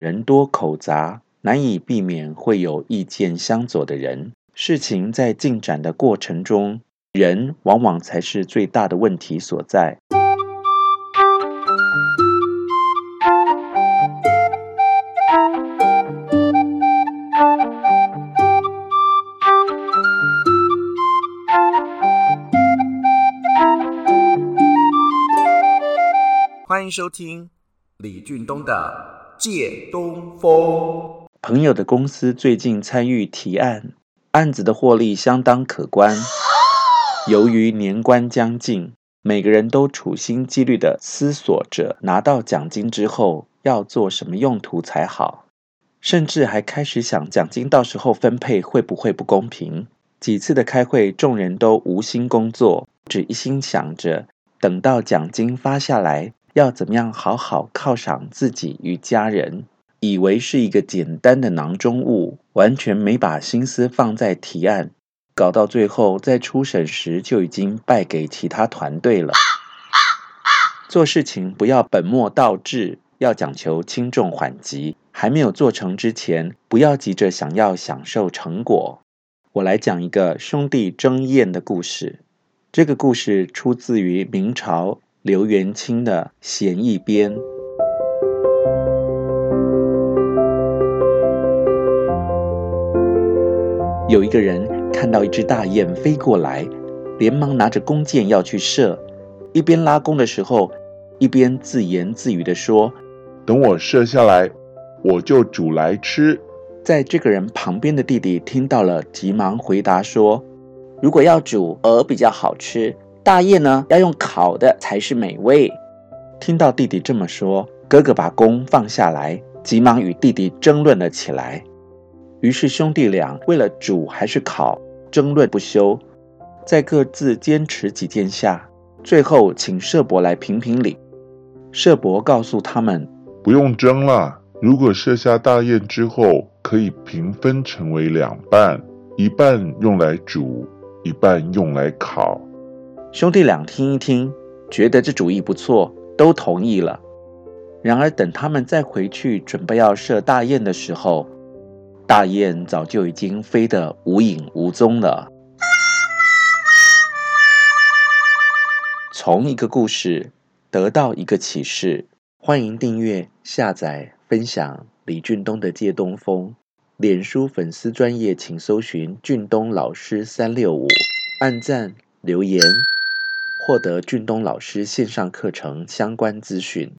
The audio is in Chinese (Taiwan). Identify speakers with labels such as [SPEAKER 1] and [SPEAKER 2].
[SPEAKER 1] 人多口雜，難以避免會有意見相左的人。事情在進展的過程中，人往往才是最大的問題所在。歡迎收聽李俊東的。借東風。朋友的公司最近參與提案，案子的獲利相當可觀。由於年關將近，每個人都處心積慮的思索着拿到獎金之後要做什麼用途才好，甚至還開始想獎金到時候分配會不會不公平。幾次的開會，眾人都無心工作，只一心想着等到獎金發下來。要怎麼樣好好犒賞自己與家人？以為是一個簡單的囊中物，完全沒把心思放在提案，搞到最後在初審時就已經敗給其他團隊了。做事情不要本末倒置，要講求輕重緩急。還沒有做成之前，不要急着想要享受成果。我來講一個兄弟爭雁的故事。這個故事出自於明朝。劉元清的《賢奕編》。有一個人看到一隻大雁飛過來，連忙拿着弓箭要去射。一邊拉弓的時候，一邊自言自語地說：“等我射下來，我就煮來吃。”在這個人旁邊的弟弟聽到了，急忙回答說：“如果要煮，鵝比較好吃。”大雁呢，要用烤的才是美味。聽到弟弟這麼說，哥哥把弓放下來，急忙與弟弟爭論了起來。於是兄弟倆為了煮還是烤爭論不休，在各自堅持己見，下，最後請社伯來評評理。社伯告訴他們，不用爭了。如果射下大雁之後，可以平分成為兩半，一半用來煮，一半用來烤。兄弟倆聽一聽，覺得這主意不錯，都同意了。然而，等他們再回去準備要射大雁的時候，大雁早就已經飛得無影無蹤了。從一個故事得到一個啟示，歡迎訂閱、下載、分享李俊東的《借東風》。臉書粉絲專頁，請搜尋“俊東老師三六五”，按讚、留言。獲得俊東老師線上課程相關資訊。